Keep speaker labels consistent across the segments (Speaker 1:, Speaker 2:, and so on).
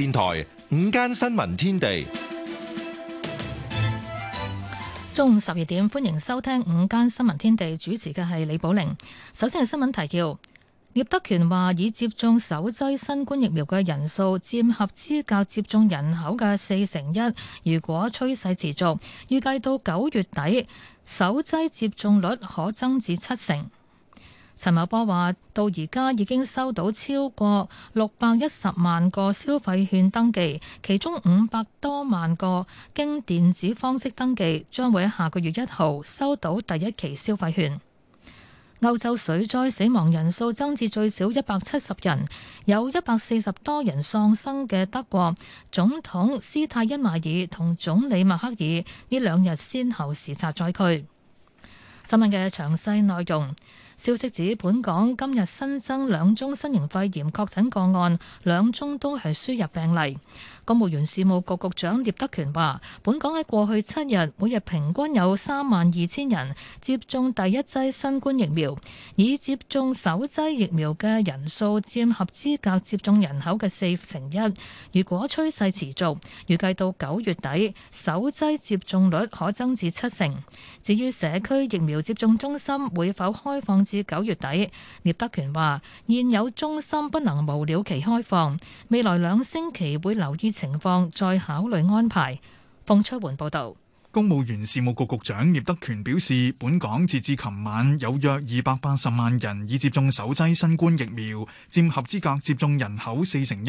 Speaker 1: 電台午間新聞天地，
Speaker 2: 中午十二點歡迎收聽午間新聞天地。主持嘅係李寶玲。首先係新聞提要：聶德權話，已接種首劑新冠疫苗嘅人數佔合資格接種人口嘅四成一。如果趨勢持續，預計到九月底，首劑接種率可增至七成。陳茂波話：到而家已經收到超過六百一十萬個消費券登記，其中五百多萬個經電子方式登記，將會喺下個月一號收到第一期消費券。歐洲水災死亡人數增至最少一百七十人，有一百四十多人喪生嘅德國總統施泰因邁爾同總理默克爾呢兩日先後視察災區。新聞嘅詳細內容。消息指本，本港今日新增兩宗新型肺炎確診個案，兩宗都係輸入病例。公務員事務局局長聶德權話：本港喺過去七日，每日平均有三萬二千人接種第一劑新冠疫苗，已接種首劑疫苗嘅人數佔合資格接種人口嘅四成一。如果趨勢持續，預計到九月底首劑接種率可增至七成。至於社區疫苗接種中心會否開放至九月底，聶德權話：現有中心不能無了期開放，未來兩星期會留意。情況再考慮安排。馮卓桓報導，
Speaker 3: 公務員事務局局長葉德權表示，本港截至琴晚有約二百八十萬人已接種首劑新冠疫苗，佔合資格接種人口四成一。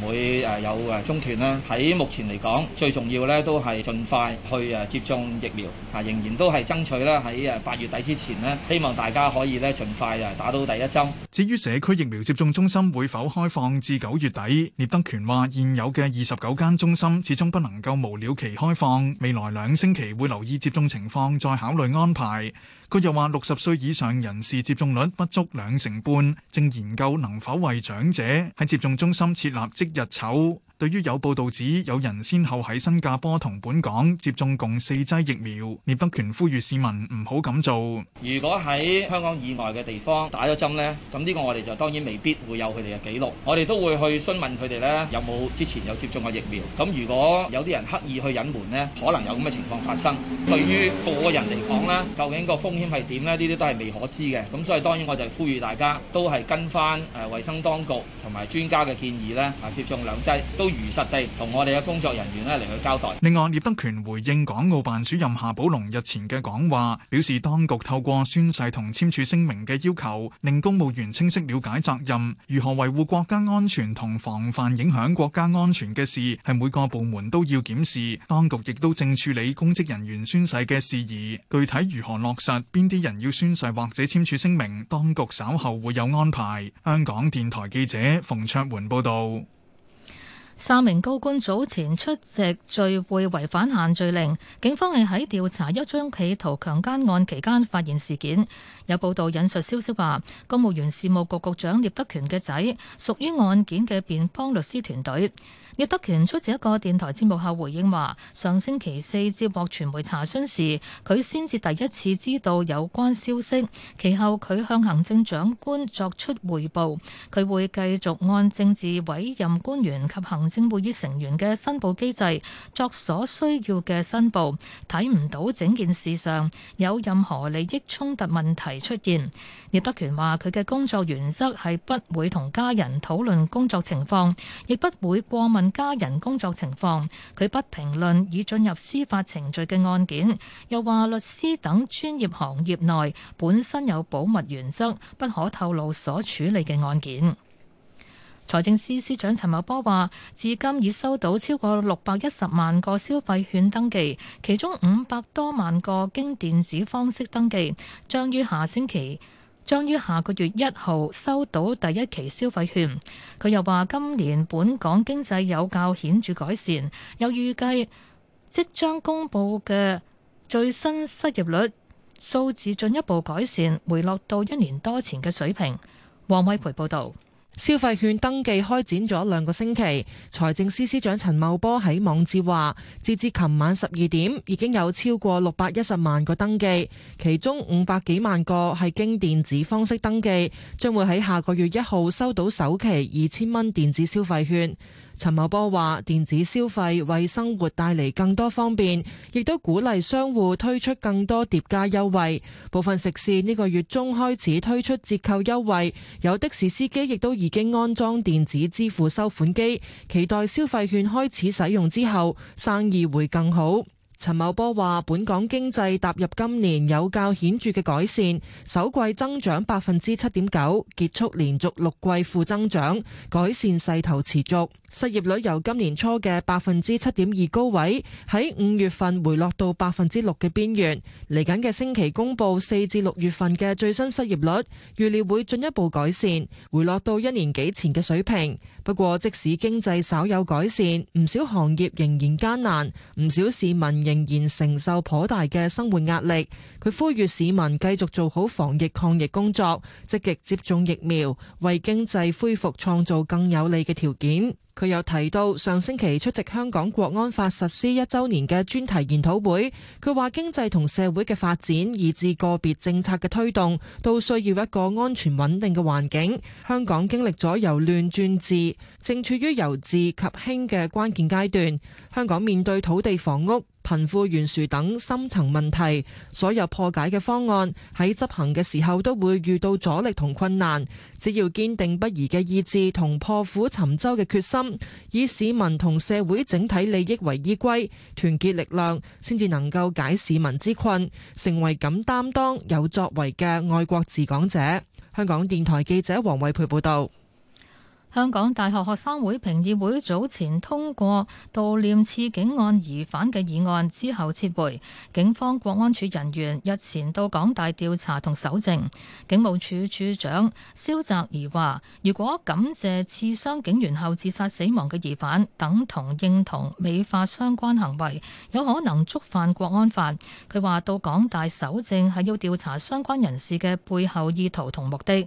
Speaker 4: 唔會誒有誒中斷啦。喺目前嚟講最重要咧都係盡快去誒接種疫苗。啊，仍然都係爭取啦喺誒八月底之前咧，希望大家可以咧盡快誒打到第一針。
Speaker 3: 至於社區疫苗接種中心會否開放至九月底，聶德權話：現有嘅二十九間中心始終不能夠無了期開放，未來兩星期會留意接種情況，再考慮安排。佢又話：六十歲以上人士接種率不足兩成半，正研究能否為長者喺接種中心設立即日籌。對於有報道指有人先後喺新加坡同本港接種共四劑疫苗，聶德權呼籲市民唔好咁做。
Speaker 4: 如果喺香港以外嘅地方打咗針呢，咁呢個我哋就當然未必會有佢哋嘅記錄，我哋都會去詢問佢哋呢，有冇之前有接種過疫苗。咁如果有啲人刻意去隱瞞呢，可能有咁嘅情況發生。對於個人嚟講呢，究竟個風險係點呢？呢啲都係未可知嘅。咁所以當然我就呼籲大家都係跟翻誒衛生當局同埋專家嘅建議呢，啊接種兩劑，都如實地同我哋嘅工作人員咧嚟，去交代。
Speaker 3: 另外，聶德權回應港澳辦主任夏寶龍日前嘅講話，表示當局透過宣誓同簽署聲明嘅要求，令公務員清晰了解責任，如何維護國家安全同防範影響國家安全嘅事係每個部門都要檢視。當局亦都正處理公職人員宣誓嘅事宜，具體如何落實，邊啲人要宣誓或者簽署聲明，當局稍後會有安排。香港電台記者馮卓桓報道。
Speaker 2: 三名高官早前出席聚會違反限聚令，警方係喺調查一宗企圖強姦案期間發現事件。有報道引述消息話公務員事務局局長聶德權嘅仔屬於案件嘅辯方律師團隊。聶德權出席一個電台節目後回應話：上星期四接獲傳媒查詢時，佢先至第一次知道有關消息。其後佢向行政長官作出匯報，佢會繼續按政治委任官員及行政會議成員嘅申報機制作所需要嘅申報，睇唔到整件事上有任何利益衝突問題出現。聶德權話：佢嘅工作原則係不會同家人討論工作情況，亦不會過問。家人工作情況，佢不評論已進入司法程序嘅案件，又話律師等專業行業內本身有保密原則，不可透露所處理嘅案件。財政司司長陳茂波話，至今已收到超過六百一十萬個消費券登記，其中五百多萬個經電子方式登記，將於下星期。將於下個月一號收到第一期消費券。佢又話：今年本港經濟有較顯著改善，又預計即將公布嘅最新失業率數字進一步改善，回落到一年多前嘅水平。黃偉培報導。
Speaker 5: 消費券登記開展咗兩個星期，財政司司長陳茂波喺網誌話，截至琴晚十二點，已經有超過六百一十萬個登記，其中五百幾萬個係經電子方式登記，將會喺下個月一號收到首期二千蚊電子消費券。陳茂波話：電子消費為生活帶嚟更多方便，亦都鼓勵商戶推出更多疊加優惠。部分食肆呢個月中開始推出折扣優惠，有的士司機亦都已經安裝電子支付收款機，期待消費券開始使用之後，生意會更好。陳茂波話：本港經濟踏入今年有較顯著嘅改善，首季增長百分之七點九，結束連續六季負增長，改善勢頭持續。失業率由今年初嘅百分之七點二高位，喺五月份回落到百分之六嘅邊緣。嚟緊嘅星期公布四至六月份嘅最新失業率，預料會進一步改善，回落到一年幾前嘅水平。不過，即使經濟稍有改善，唔少行業仍然艱難，唔少市民仍然承受頗大嘅生活壓力。佢呼籲市民繼續做好防疫抗疫工作，積極接種疫苗，為經濟恢復創造更有利嘅條件。佢又提到上星期出席香港國安法實施一周年嘅專題研討會，佢話經濟同社會嘅發展，以至個別政策嘅推動，都需要一個安全穩定嘅環境。香港經歷咗由亂轉治，正處於由治及興嘅關鍵階段。香港面對土地房屋、貧富懸殊等深層問題，所有破解嘅方案喺執行嘅時候都會遇到阻力同困難。只要堅定不移嘅意志同破釜沉舟嘅決心，以市民同社會整體利益為依歸，團結力量，先至能夠解市民之困，成為敢擔當、有作為嘅愛國治港者。香港電台記者黃衛培報道。
Speaker 2: 香港大學學生會評議會早前通過悼念刺警案疑犯嘅議案，之後撤回，警方國安處人員日前到港大調查同搜證。警務處處長蕭澤頤話，如果感謝刺傷警員後自殺死亡嘅疑犯，等同認同美化相關行為，有可能觸犯國安法。佢話到港大搜證係要調查
Speaker 6: 相關人士嘅背後意圖同目的。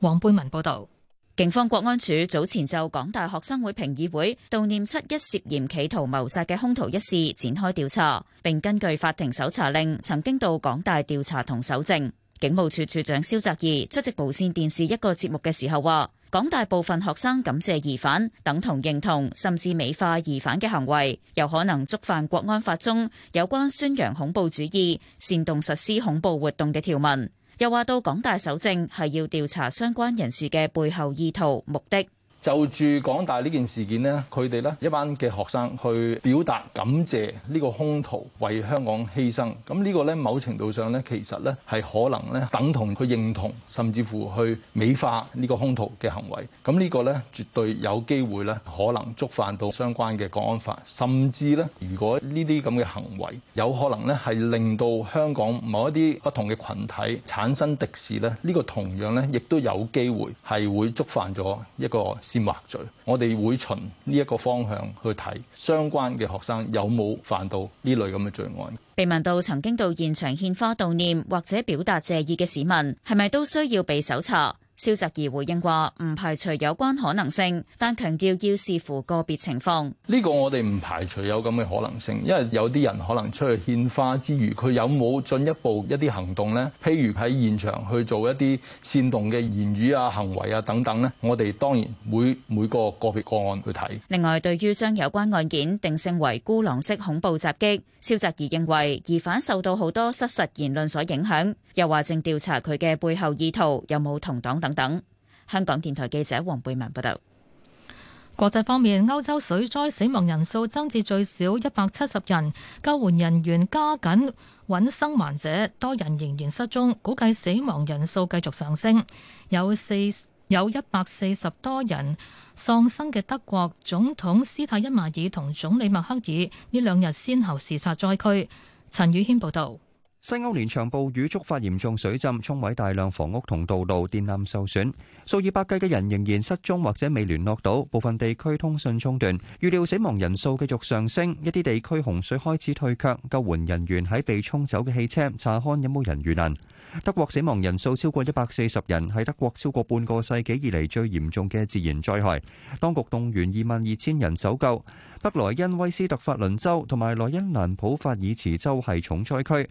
Speaker 6: 黃貝文報道。警方國安處早前就港大學生會評議會悼念七一涉嫌企圖謀殺嘅凶徒一事展開調查，並根據法庭搜查令，曾經到港大調查同搜證。警務處處長蕭澤頤出席無線電視一個節目嘅時候話，港大部分學生感謝疑犯，等同認同甚至美化疑犯嘅行為，有可能觸犯國安法中有關宣揚恐怖主義、煽動實施恐怖活動嘅條文。又話到港大搜證係要調查相關人士嘅背後意圖、目的。
Speaker 1: 就住港大呢件事件咧，佢哋咧一班嘅學生去表達感謝呢個兇徒為香港犧牲，咁呢個咧某程度上咧其實咧係可能咧等同去認同，甚至乎去美化呢個兇徒嘅行為，咁呢個咧絕對有機會咧可能觸犯到相關嘅國安法，甚至咧如果呢啲咁嘅行為有可能咧係令到香港某一啲不同嘅群體產生敵視咧，呢、呢個同樣咧亦都有機會係會觸犯咗一個。煽惑罪，我哋會循呢一個方向去睇相關嘅學生有冇犯到呢類咁嘅罪案。
Speaker 6: 被問到曾經到現場獻花悼念或者表達謝意嘅市民，係咪都需要被搜查？蕭澤頤回應話：唔排除有關可能性，但強調要視乎個別情況。
Speaker 1: 呢個我哋唔排除有咁嘅可能性，因為有啲人可能出去獻花之餘，佢有冇進一步一啲行動呢？譬如喺現場去做一啲煽動嘅言語啊、行為啊等等呢，我哋當然每每個個別個案去睇。
Speaker 6: 另外，對於將有關案件定性為孤狼式恐怖襲擊，蕭澤頤認為疑犯受到好多失實言論所影響，又話正調查佢嘅背後意圖有冇同黨。等等。香港電台記者黃貝文報道。國際方面，歐洲水災死亡人數增至最少一
Speaker 2: 百七十人，救援人員加緊揾生還者，多人仍然失蹤，估計死亡人數繼續上升。有四有一百四十多人喪生嘅德國總統施泰因邁爾同總理默克爾呢兩日先後視察災區。陳宇軒報道。
Speaker 7: 西歐連場暴雨，觸發嚴重水浸，沖毀大量房屋同道路，電纜受損，數以百計嘅人仍然失蹤或者未聯絡到，部分地區通訊中斷。預料死亡人數繼續上升，一啲地區洪水開始退卻，救援人員喺被沖走嘅汽車查看有冇人遇難。德國死亡人數超過一百四十人，係德國超過半個世紀以嚟最嚴重嘅自然災害。當局動員二萬二千人搜救。北萊茵威斯特法倫州同埋萊茵蘭普法爾茨州係重災區。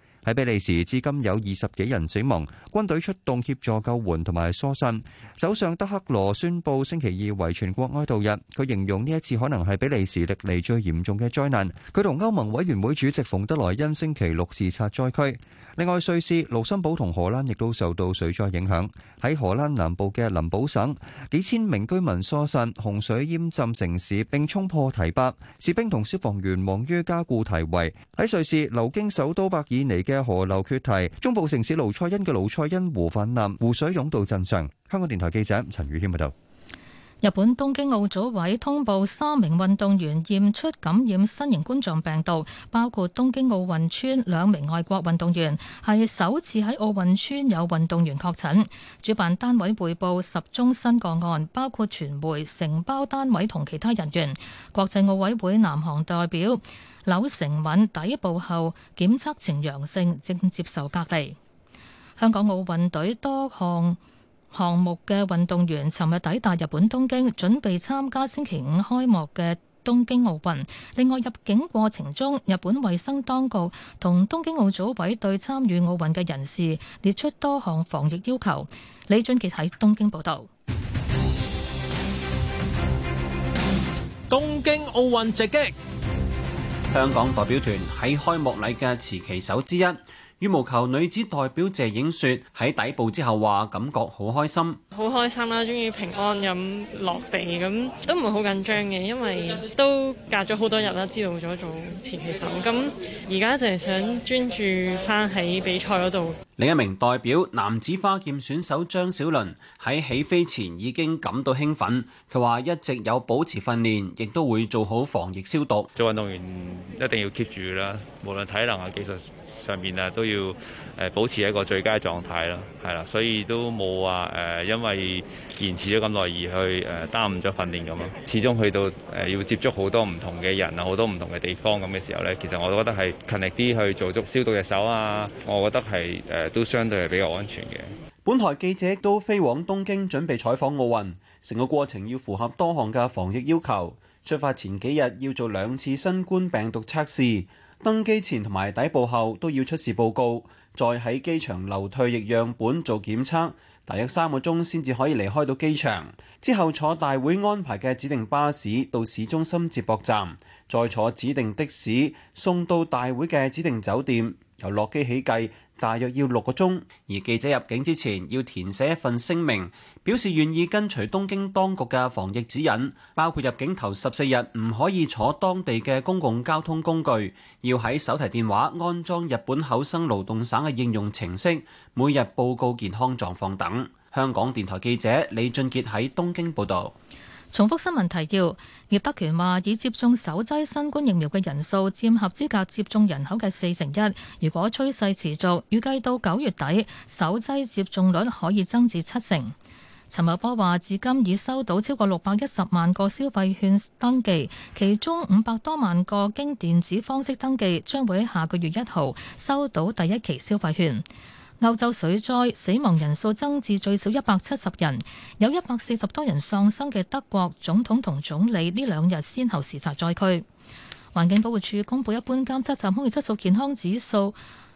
Speaker 7: 喺比利時，至今有二十幾人死亡，軍隊出動協助救援同埋疏散。首相德克羅宣布星期二為全國哀悼日。佢形容呢一次可能係比利時歷嚟最嚴重嘅災難。佢同歐盟委員會主席馮德萊恩星期六視察災區。另外，瑞士、盧森堡同荷蘭亦都受到水災影響，喺荷蘭南部嘅林堡省，幾千名居民疏散，洪水淹浸城市並沖破堤壩，士兵同消防員忙於加固堤圍。喺瑞士，流經首都伯爾尼嘅河流缺堤，中部城市盧塞恩嘅盧塞恩湖氾濫，湖水湧到鎮上。香港電台記者陳宇謙報道。
Speaker 2: 日本東京奧組委通報三名運動員驗出感染新型冠狀病毒，包括東京奧運村兩名外國運動員，係首次喺奧運村有運動員確診。主辦單位匯報十宗新個案，包括傳媒、承包單位同其他人員。國際奧委會南韓代表柳成敏抵埗後檢測呈陽性，正接受隔離。香港奧運隊多項項目嘅運動員尋日抵達日本東京，準備參加星期五開幕嘅東京奧運。另外，入境過程中，日本衛生當局同東京奧組委對參與奧運嘅人士列出多項防疫要求。李俊杰喺東京報道。
Speaker 1: 東京奧運
Speaker 8: 直擊，香港代表團喺開幕禮嘅持旗手之一。羽毛球女子代表謝影雪喺抵埗之後話感覺好開心，
Speaker 5: 好開心啦，終於平安咁落地咁，都唔會好緊張嘅，因為都隔咗好多日啦，知道咗做前期手。咁而家就係想專注返喺比賽嗰度。
Speaker 8: 另一名代表男子花劍選手張小倫喺起飛前已經感到興奮，佢話一直有保持訓練，亦都會做好防疫
Speaker 7: 消毒。做運動員一定要 keep 住啦，無論體能啊技術。上面啊都要誒保持一個最佳狀態咯，係啦，所以都冇話誒因為延遲咗咁耐而去誒耽誤咗訓練咁咯。始終去到誒要接觸好多唔同嘅人啊，好多唔同嘅地方咁嘅時候呢，其實我覺得係勤力啲去做足消毒嘅手啊，我覺得係誒都相對係比較安全嘅。
Speaker 8: 本台記者都飛往東京準備採訪奧運，成個過程要符合多項嘅防疫要求，出發前幾日要做兩次新冠病毒測試。登機前同埋抵埗後都要出示報告，再喺機場留唾液樣本做檢測，大約三個鐘先至可以離開到機場。之後坐大會安排嘅指定巴士到市中心接駁站，再坐指定的士送到大會嘅指定酒店。由落機起計，大約要六個鐘，而記者入境之前要填寫一份聲明，表示願意跟隨東京當局嘅防疫指引，包括入境頭十四日唔可以坐當地嘅公共交通工具，要喺手提電話安裝日本厚生勞動省嘅應用程式，每日報告健康狀況等。香港電台記者李俊傑喺東京報導。
Speaker 2: 重複新聞提要。葉德權話：已接種首劑新冠疫苗嘅人數佔合資格接種人口嘅四成一。如果趨勢持續，預計到九月底首劑接種率可以增至七成。陳茂波話：至今已收到超過六百一十萬個消費券登記，其中五百多萬個經電子方式登記，將會喺下個月一號收到第一期消費券。歐洲水災死亡人數增至最少一百七十人，有一百四十多人喪生嘅德國總統同總理呢兩日先後視察災區。環境保護署公布，一般監測站空氣質素健康指數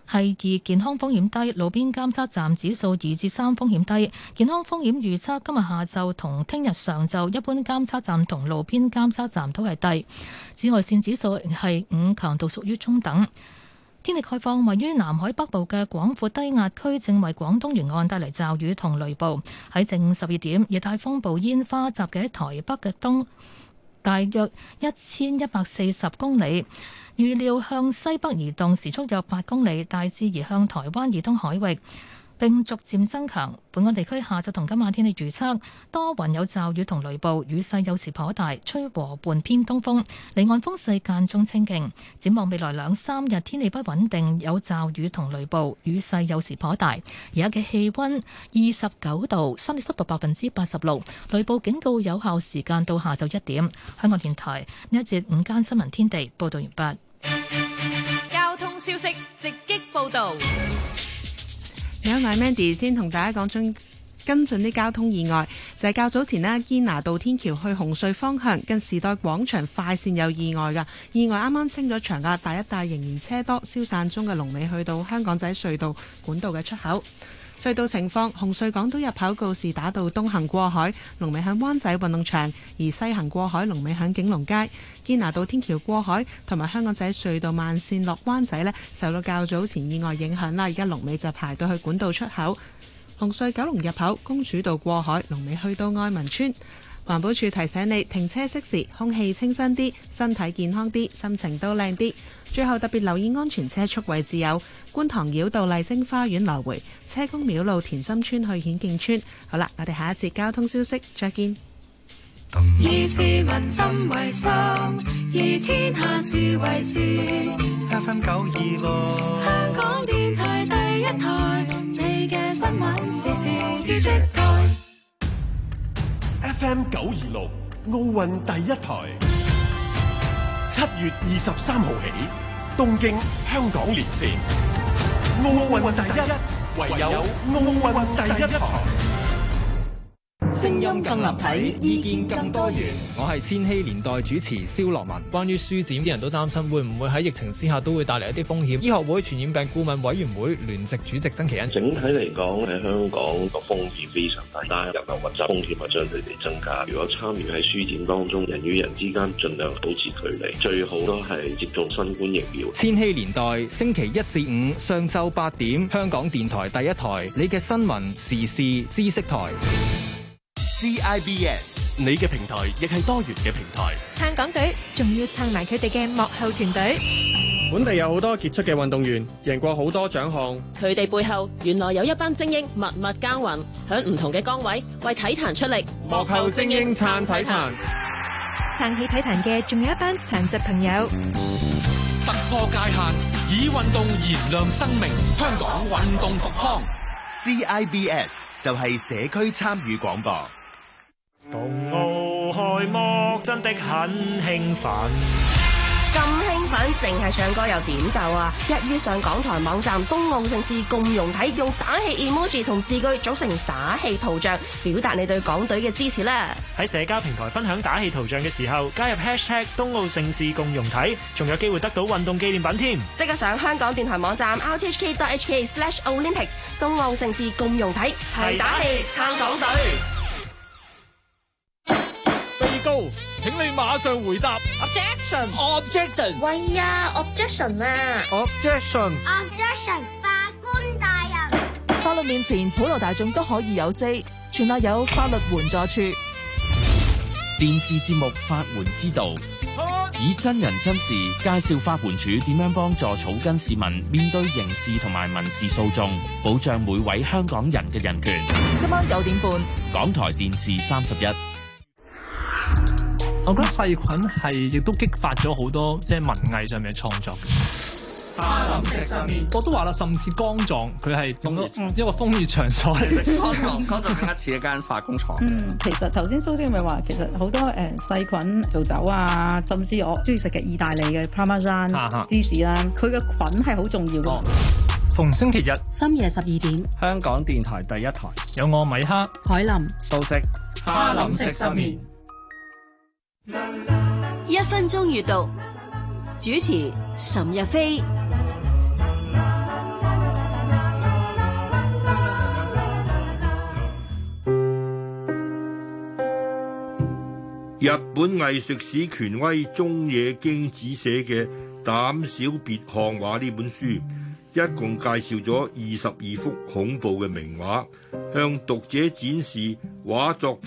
Speaker 2: 係二，健康風險低；路邊監測站指數二至三，風險低。健康風險預測今日下晝同聽日上晝，一般監測站同路邊監測站都係低。紫外綫指數係五，強度屬於中等。天氣開放，位於南海北部嘅廣闊低壓區正為廣東沿岸帶嚟驟雨同雷暴。喺正午十二點，熱帶風暴煙花集結喺台北嘅東，大約一千一百四十公里，預料向西北移動，時速約八公里，大致移向台灣以東海域。並逐漸增強。本港地區下晝同今晚天氣預測多雲有驟雨同雷暴，雨勢有時頗大，吹和緩偏偏東風。離岸風勢間中清勁。展望未來兩三日天氣不穩定，有驟雨同雷暴，雨勢有時頗大。而家嘅氣温二十九度，相對濕度百分之八十六。雷暴警告有效時間到下晝一點。香港電台呢一節午間新聞天地報導完畢。交通消息直擊報導。
Speaker 5: 有埋 Mandy 先同大家講，進跟進啲交通意外就係較早前呢，堅拿道天橋去紅隧方向，近時代廣場快線有意外噶。意外啱啱清咗場噶，第一帶仍然車多，消散中嘅龍尾去到香港仔隧道管道嘅出口。隧道情況，紅隧港島入口告士打道東行過海，龍尾喺灣仔運動場；而西行過海，龍尾喺景隆街。堅拿道天橋過海同埋香港仔隧道慢線落灣仔咧，受到較早前意外影響啦。而家龍尾就排到去管道出口。紅隧九龍入口公主道過海，龍尾去到愛民村。環保處提醒你，停車息時空氣清新啲，身體健康啲，心情都靚啲。最後特別留意安全車速位置，有觀塘繞道麗晶花園來回，車公廟路田心村去顯徑村。好啦，我哋下一節交通消息再見。
Speaker 3: FM 九二六奧運第一台，七月二十三號起，東京香港連線，奧運第一，唯有奧運第一台。
Speaker 1: 聲音更立體，意見更多元。我係千禧年代主持蕭樂文。關於書展，啲人都擔心會唔會喺疫情之下都會帶嚟一啲風險。醫學會傳染病顧問委員會
Speaker 3: 聯席主席曾其恩：
Speaker 7: 整體嚟講，喺香港個風險非常大，大，但係人流密集，風險啊相對地增加。如果參與喺書展當中，人與人之間盡量保持距離，最好都係接種新冠疫苗。
Speaker 1: 千禧年代星期一至五上晝八點，香港電台第一台，你嘅新聞時事知識台。CIBS，你嘅平台亦係多元嘅平台。
Speaker 5: 撐港隊，仲要撐埋
Speaker 2: 佢哋嘅幕後團隊。
Speaker 7: 本地有好多傑出嘅運動員，贏過好多獎項。
Speaker 2: 佢哋背後原來有一班精英默默耕耘，響唔同嘅崗位為體壇出
Speaker 6: 力。幕後精英撐體壇，撐起體壇嘅仲有一班殘疾朋友。
Speaker 1: 突破界限，以運動燃亮生命。香港運動復康，CIBS 就係社區參與廣播。
Speaker 5: 東奧開幕真的很興奮，
Speaker 6: 咁興奮淨係唱歌又點夠啊！一於上港台網站東奧城市共融體，用打氣 emoji 同字句組成打氣圖像，表達你對港隊嘅支持啦！
Speaker 5: 喺社交平台分享打氣圖像嘅時候，加入 hashtag 東奧城市共融體，仲有機會得到運動紀念品添！
Speaker 6: 即刻上香港電台網站 rthk.hk/olympics 東奧城市共融體齊打氣撐港隊！
Speaker 2: 請你馬上回答。objection objection objection 喂呀 objection 啊 objection
Speaker 6: objection
Speaker 2: 法官大
Speaker 5: 人，法律面前普羅大眾都可以有四，全亞有法律援助處。
Speaker 4: 電視節目《法援之道》啊，以真人真事介紹法援處點樣幫助草根市民面對刑事同埋民事訴訟，保障每位香港人嘅人權。今
Speaker 5: 晚九點半，
Speaker 4: 港台電視
Speaker 7: 三十一。我覺得細菌係亦都激發咗好
Speaker 1: 多即係文藝上面嘅創作。林食我都話啦，甚至缸狀佢係同一個風雨場所嚟嘅。缸狀缸似一間化工廠。嗯，
Speaker 6: 其實頭先蘇 s 咪話，其實好多誒細、呃、菌做酒啊，甚至我中意食嘅意大利嘅 p r a n 芝士啦、啊，佢嘅菌係好重要嘅。啊、
Speaker 2: 逢星期
Speaker 7: 日深夜十二點，香港電台第一台有我米克、海林、素軾、哈林食失眠。
Speaker 6: 一分鐘閱讀主持岑日飛，
Speaker 1: 日本藝術史權威中野京子寫嘅《膽小別看畫》呢本書，一共介紹咗二十二幅恐怖嘅名畫，向讀者展示畫作。